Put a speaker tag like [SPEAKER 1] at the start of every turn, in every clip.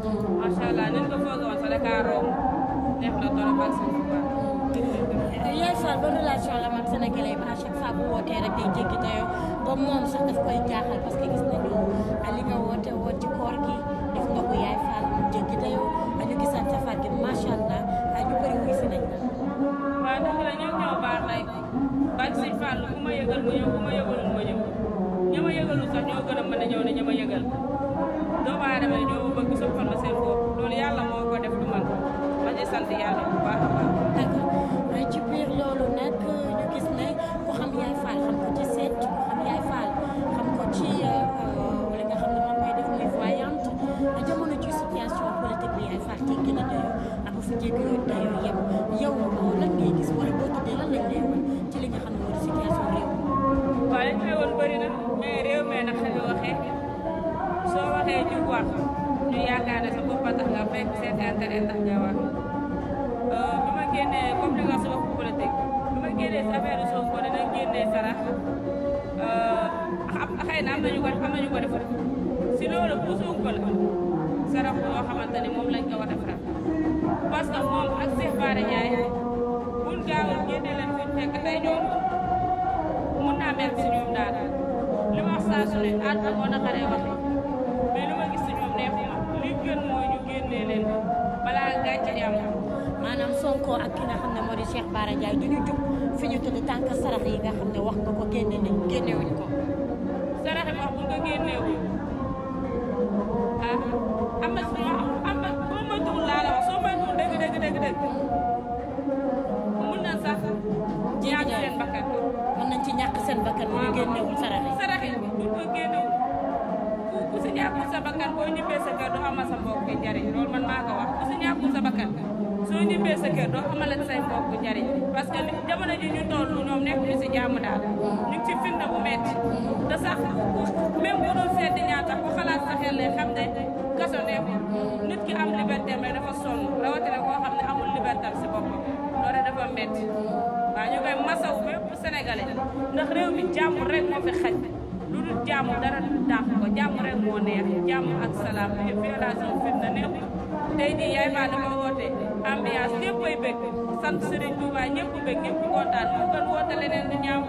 [SPEAKER 1] macha allah nañ ko foogoon sax da kaa romb neex na torop ak
[SPEAKER 2] la mag Sénégalais bi à chaque fois bu wootee rek day jéggi dayoo ba moom sax daf koy jaaxal parce que gis nañu li nga woote woon ci koor gi def nga ko Yaay Fall mu jéggi dayoo ñu gisaat
[SPEAKER 1] safaat gi macha allah ñu bëri wuy si nañ la. waaw ndax la ñoom ñoo baax lay baax sëñ Fall ku ma yëgal mu ñëw ku ma yëgalul ma ñëw ña ma yëgalul sax ñoo gën a mën a ñëw ne ña ma doomu aadama yi ñoo bëgg suñu loolu yàlla moo ko def du man ma ci sant yàlla bu baax a baax.
[SPEAKER 2] d'accord euh, ci biir loolu nag euh, ñu gis ne euh, def muy voyante jamono ci situation politique bi yaay faal tegg na dayoo ak fu jéggi dayoo yëpp yow lan ngay gis wala boo tuddee lan lañ lay
[SPEAKER 1] ci li nga xam ne wax ñu yaakaar ne sa bopp tax nga fekk seen intérêt tax nga wax euh, ba ma génnee comme li nga wax sama politique ba ma génnee si affaire Sonko dina génnee euh, na am nañu ko am nañu ko si loolu bu Sonko la sarax yoo xamante ni moom lañ ko war a defar parce que ak Cheikh Bara Ndiaye buñ gaaw a génne leen fi fekk tey ñoom mun naa mel si ñoom daanaka li ma wax saa su ne ànd ak xaree waxee
[SPEAKER 2] Sonko ak ki nga xam ne moo di Cheikh Bara Ndiaye du ñu jub fi ñu tudd tànk sarax yi nga xam ne wax nga ko génne nañ génnewuñ
[SPEAKER 1] ko kër doo a say bopp njariñ parce que jamono ji ñu toll ñoom nekk ñu si jàmm daal ñu ci fitna bu metti te sax même bu doon seeti ñaata ku xalaat sa xel lay xam ne kaso nekkul nit ki am liberté mais dafa sonn rawatina koo xam ne amul liberté si boppam loolu dafa metti waaw ñu koy masaw bépp Sénégalais ndax réew mi jàmm rek moo fi xaj lu dul jàmm dara dàq ko jàmm rek moo neex jàmm ak salaam violation fitna neexul tey jii yaay baa dafa woote ambiance ñëppay bëgg sant Serigne Touba ñëpp bëgg ñëpp kontaan mu gën woote leneen di jàmm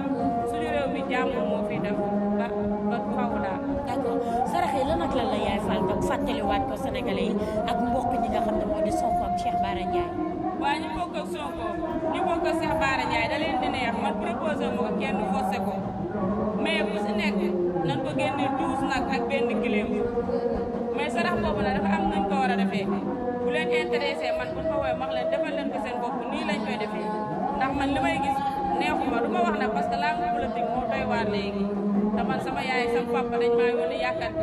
[SPEAKER 1] suñu réew mi jàmm moo fi def ba ba faw daal.
[SPEAKER 2] d'accord sarax yi lan ak lan la yaay Fall toog fàttaliwaat ko Sénégalais yi ak mbokk ñi nga xam ne moo
[SPEAKER 1] di Sonko ak Cheikh Bara Ndiaye. waaw ñu bokk ak Sonko ñu bokk ak Cheikh Bara Ndiaye da leen di neex man proposé moo nag ak benn gileem mais sarax boobu nag dafa am nuñ ko war a defee bu leen intéressé man buñ ma woowee wax leen defal leen ko seen bopp nii lañ koy defee ndax man li may gis neexuma lu ma wax nag parce que langue politique moo doy waar léegi te man sama yaay sama papa dañ maa yónni yaakaar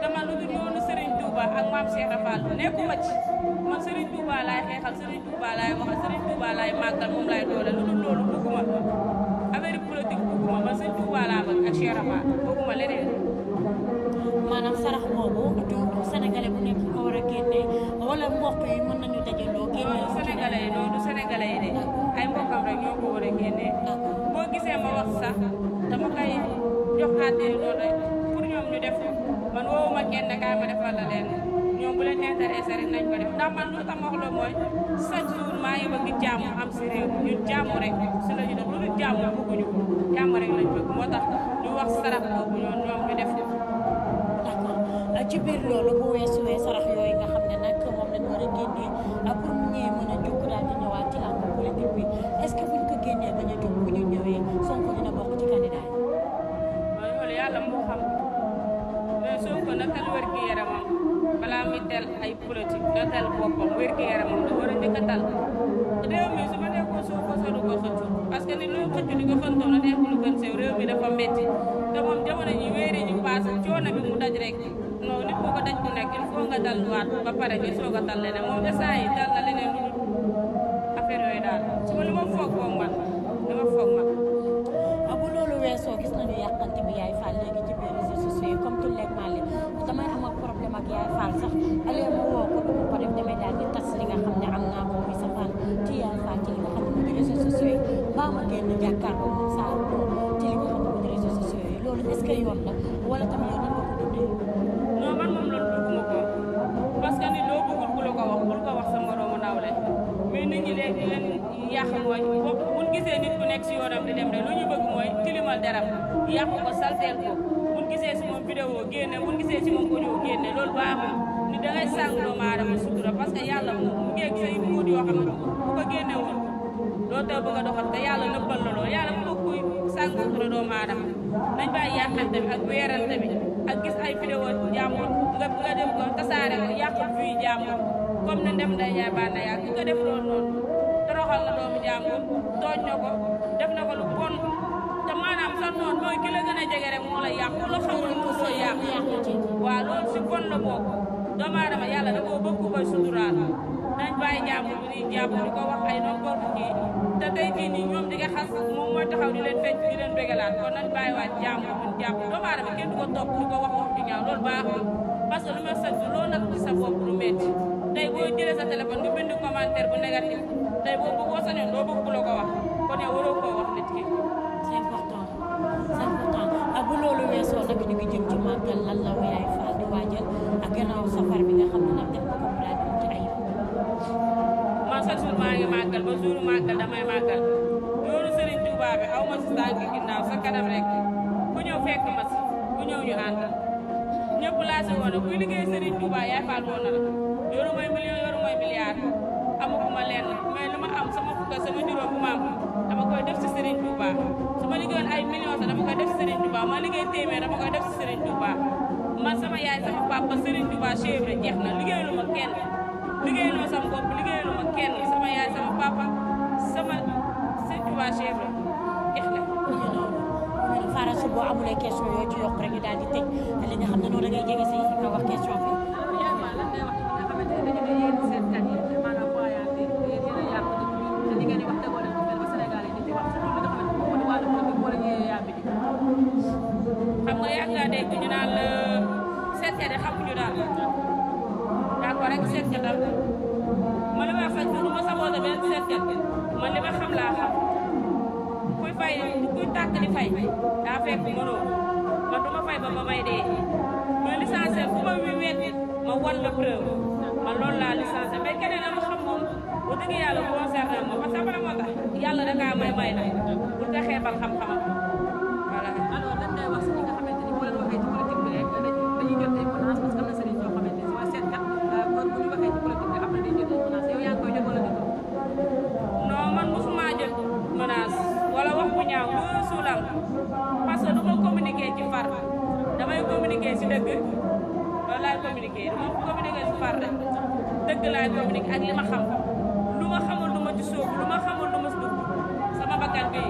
[SPEAKER 1] ci ma te lu dul yoonu Serigne Touba ak maam Cheikh Rafal nekkuma ci man Serigne Touba laay xeexal Serigne Touba laay waxal Serigne Touba laay màggal moom laay lu loolu bëgguma affaire politique intéressé rek nañ ko def ndax man lu tax ma wax la mooy chaque jour maa ngi bëgg jàmm am si réew ñun jàmm rek si la ñu def lu jàmm bëgguñu ko jàmm rek lañ bëgg moo tax ñu wax sarax boobu ñoom ñoom ñu def d'accord
[SPEAKER 2] euh, ci biir loolu bu weesuwee sarax yooyu nga xam ne nag moom lañ war a génnee euh, pour ñi mën a jóg daal di ñëwaat ci ànd politique bi est-ce que buñ ko génnee bañ a jóg bu ñu ñëwee Sonko dina bokk ci candidat yi. waaw loolu yàlla moo xam
[SPEAKER 1] mais euh, Sonko nag tal wér gi yaramam balaa muy tel ay politique da tel boppam wér-gu-yaramam da war a njëkk a tal réew mi su ma nekkoon suuf ko sodu ko xëccu parce que ni luy xëccu di ko fantoo na nekk lu gën sew réew mi dafa metti te moom jamono ji wéeri ñu passé coono bi mu daj rek non nit ku ko daj ku nekk il faut nga dal waat ba pare ñu soog a tal leneen moom instant yi dal na leneen waaye di leen yàq mooy boobu bu ñu gisee nit ku nekk si yoonam di dem rek lu ñu bëgg mooy tilimal deram yàq ko salteel ko bu ñu gisee si moom vidéo génne bu ñu si moom audio génne loolu baaxul ni dangay sàng doomu aadama sutura parce que yàlla moom mu ngeeg say muut yoo xam ne génne woon loolu taw bi nga te yàlla nëbbal la loolu yàlla moo kuy sàng sutura doomu aadama nañ bàyyi yàqante bi ak nga dem ko tasaare ko yàq fii comme ne dem day toroxal la doomu tooñ na ko def na ko lu bon te maanaam noon mooy ki gën a jege rek mu sooy yàq waaw si bon la bokk doomu aadama yàlla da koo bëgg ku koy suturaal nañ bàyyi jàmbur bi ni jàmbur di ko wax ay noon bokk kii te di nga xas moom mooy taxaw di leen fecc di leen bégalaat kon nañ bàyyi waat jàmbur bi jàmbur doomu aadama kenn du ko topp di di ñaaw loolu baaxul parce que lu ma sëñ loolu nag ci lu sa téléphone tey boo bëgg boo sañoon doo bëgg ku la ko wax kon yow wax nit ki. c'est important c'est important ak ah, bu loolu weesoo nag ñu ngi jëm ci màggal
[SPEAKER 2] lan Yaay Fall di waajal ak gannaaw safar bi nga xam ne nag def na ko daal di ci ay.
[SPEAKER 1] man chaque jour maa ngi màggal ba jour màggal damay màggal loolu Serigne Touba bi aw ma si saa gi ginnaaw sa kanam rek ku ñëw fekk ma si ñëw ñu àndal ñëpp laa si liggéey Serigne Touba Yaay Fall woon la yoru mooy million ma leen mooy lu ma am sama fukk sama juróom bu ma am dama koy def ci Serigne Touba su ma liggéeyoon ay millions dama koy def ci Serigne Touba ma liggéey téeméer dama koy def ci Serigne Touba man sama yaay sama papa Serigne Touba Cheikh Ibra jeex na liggéeyalu ma kenn liggéeyalu ma sama bopp liggéeyalu ma kenn sama yaay sama papa sama Serigne Touba Cheikh Ibra
[SPEAKER 2] jeex na. Fara su boo amulee question yooyu ci yokk rek ñu daal di tëj li nga xam ne noonu la ngay jege si nga wax question
[SPEAKER 1] bi. ñu naan la euh, seen daal d'accord rek seen ma saboote benn seen seede man li ma xam laa xam kuy fay kuy tàkk di fay daa fekk man du ma fay ma may dee ma licencié fu ma wi weet ma wan la preuve man loolu laa licencié mais keneen la ma xam moom bu dëgg yàlla concerné ma parce que yàlla da may may na bu nga xeebal xam-xamam voilà alors lan ngay wax dëgg loolu laay communiqué dama communiqué su far rek dëgg laay communiqué ak li ma xam lu ma xamul lu ma ci sóobu lu ma xamul lu ma ci dugg sama bakkan bi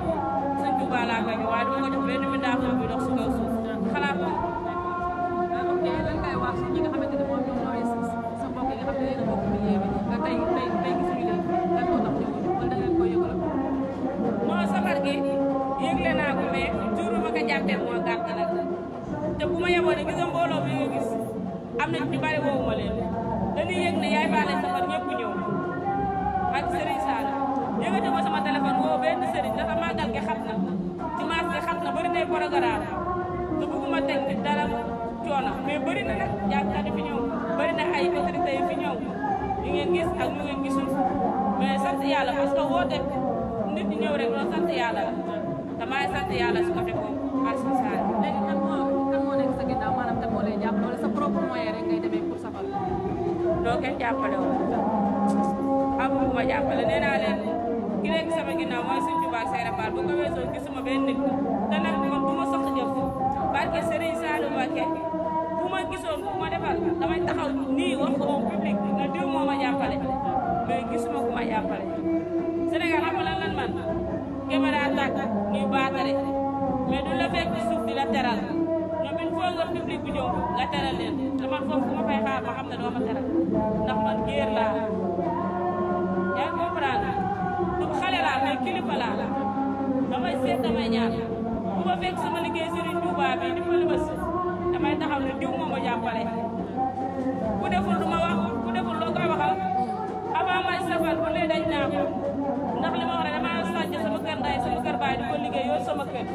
[SPEAKER 1] sëñ Tuubaa laa koy waaye dama ko jox benn mindaaf bi dox si kaw suuf xalaat ko. ok lan ngay wax ñi nga xamante ne moom ñoom ñooy sa mbokk yi nga xam ne yéen a bokk bi yéeme tey tey tey gisuñu leen lan moo tax ñu wala da ngeen koy yëgal. moo safar gi yëgle naa ko mais jur ma ko jàppee moo am nañ ñu bari woowu ma leen dañuy yëg ne yaay faale safar ñëpp ñëw ak Serigne Sall yëngati ma sama téléphone woo benn Serigne dafa màggal gi xam na dimanche gi xam na bëri nay programme
[SPEAKER 2] te bëgguma teg nit dara
[SPEAKER 1] coono mais bëri na nag jàngkat yi fi ñëw bëri na ay autorités yi fi ñëw ñu ngeen gis ak ñu ngeen gisul mais sant yàlla parce que woo teg nit ñi ñëw rek loolu sant yàlla la damay sant yàlla su ko fekkoon ak Serigne Sall lay jàppale sa propre moyen rek ngay demee pour safal doo kenn jàppale wala amul bu ma jàppale nee naa leen ki nekk sama ginnaaw mooy suñu Tuubaa Seere Faal bu ko weesoo gisuma benn nit te nag ma soxla jëf barke bu ma gisoon bu ma defal damay taxaw nii wax ko moom public bi nga diw moo ku ma jàppale Sénégal xam nga lan lan man caméra tàkk ñuy baax teral leen te foofu fu ma fay xaar ma xam ne doo ma teral ndax man géer laa yaa ngi comprendre du xale laa mais kilifa laa damay seet damay ñaan bu ma fekk sama liggéey Serigne Touba bi di ma lëbës damay taxaw ne diw moo ma jàppale ku deful du ma wax ku deful loo koy waxal avant may safal bu ne dañ naa ko ndax li ma war a damaa sànc sama kër ndaay sama kër baay di ko liggéey yoon sama kër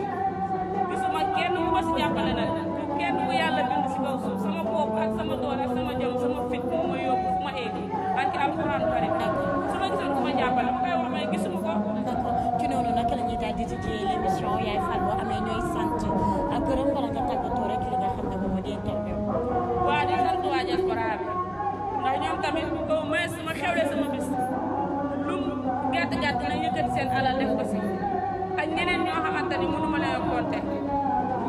[SPEAKER 1] gisuma kenn ku ma si jàppale nag
[SPEAKER 2] yaay Fall boo amee ñooy sant gërëm bala nga tàggatoo rek li nga xam ne moom di interview.
[SPEAKER 1] waa di sant waa diaspora bi ndax ñoom tamit au moins su ma xewlee sama bis lu gàtt gàtt na yëkkati seen alal def ko si ak ñeneen ñoo xamante ni mënu ma la compté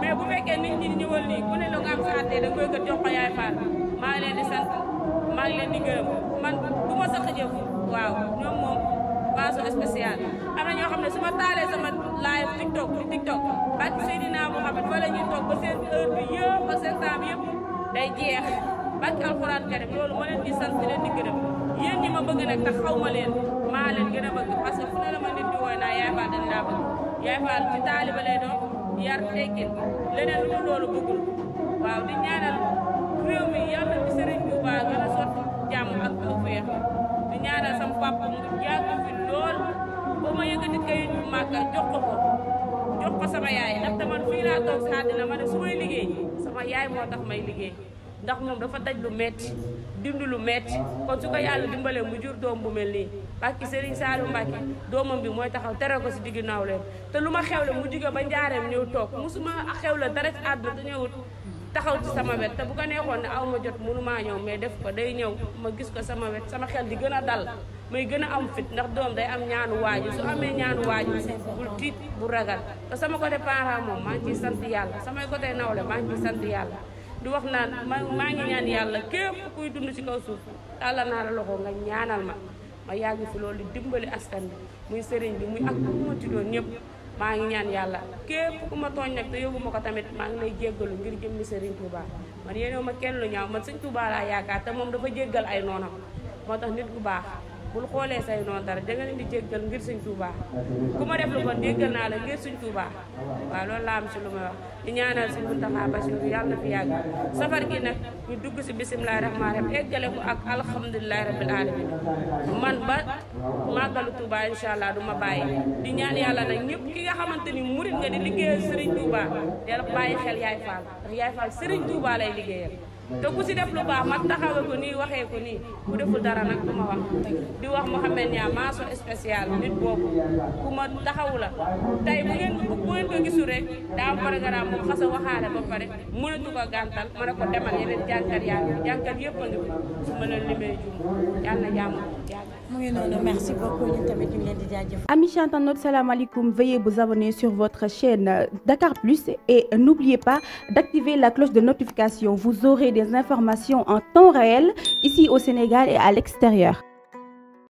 [SPEAKER 1] mais bu fekkee nit ñi ñëwal nii ku ne la nga am sa àttee da koy gën jox ko yaay Fall maa ngi leen di sant maa ngi leen di gërëm man du ma sa xëjëf waaw ñoom mention spéciale am na ñoo xam ne su ma taalee sama live TikTok ni TikTok ak Seydina Mouhamed fa la ñuy toog ba seen heure bi yëpp ak seen temps bi day jeex bak alxuraan karim loolu ma leen di sant di leen di gërëm yéen ñi ma bëgg nag tax xaw ma leen maa leen gën a bëgg parce que fu ma nit di naa yaay faal dañ laa bëgg yaay faal ci taaliba lay yar teggin leneen lu dul loolu moo tax may liggéey ndax moom dafa daj lu metti dimbi lu metti kon su ko yàlla dimbalee mu jur doom bu mel nii Mbacke Serigne Saliou Mbacke doomam bi mooy taxaw tere si diggu naaw leen te lu ma xewle mu jóge ba njaareem ñëw toog musuma xewle dara ci àdduna te ñëwut taxaw ci sama wet te bu ko neexoon ne aw ma jot mënumaa ñëw mais def ko day ñëw ma gis ko sama wet sama xel di gën a dal may gën a am fit ndax doom day am ñaanu waaju su amee ñaanu waaju bul tiit bu ragal te sama ko côté parent moom maa ngi sent yàlla samay côté nawle maa ngi ciy di wax naan ma maa ngi ñaan yàlla képp kuy dund ci kaw suuf tàllal naa la loxo nga ñaanal ma ma yàgg fi loolu di dimbali askan bi muy sëriñ bi muy ak ku ma tuddoon ñëpp maa ngi ñaan yàlla képp ku ma tooñ nag te yóbbu ma ko tamit maa ngi lay jéggalu ngir jëmmi sëriñ Touba man yéenewu ma kenn lu ñaaw ma sëñ Touba laa yaakaar te moom dafa jéggal ay noonam moo tax nit ku baax bul xoolee say noonu dara de leen di jéggal ngir suñ Touba ku def lu bon jéggal naa la ngir suñ Touba waaw loolu laa am si lu may wax di ñaanal suñ Mountakha Bassirou yàlla gi nag ñu dugg si bisimilah rahmaani rahim eggale ko ak alhamdulilah rabil alamin man ba màggalu du ma bàyyi di ñaan yàlla nag ñëpp ki nga xamante ni murit nga di liggéeyal Serigne Touba del bàyyi xel Yaay Fall ndax Yaay lay liggéeyal te ku si def lu baax ma taxawe ko nii waxee ko nii ku deful dara nag du ma wax di wax Mouhamed Niang mention spéciale nit boobu ku ma taxawu la tey bu ngeen bu ko gisul rek daaw programme moom xasa waxaale ba pare mënatu ko gàntal mën a ko demal yeneen jànkat yaa ngi jànkat yëpp a ngi fi su ma leen limee jum yàlla na jàmm yàgg mu ngi noonu merci beaucoup
[SPEAKER 2] ñun tamit ñu ngi leen di salaamaaleykum veuillez vous abonner sur votre chaîne Dakar Plus et n'oubliez pas d'activer la cloche de notification vous aurez des informations en temps réel ici au Sénégal et à l'extérieur.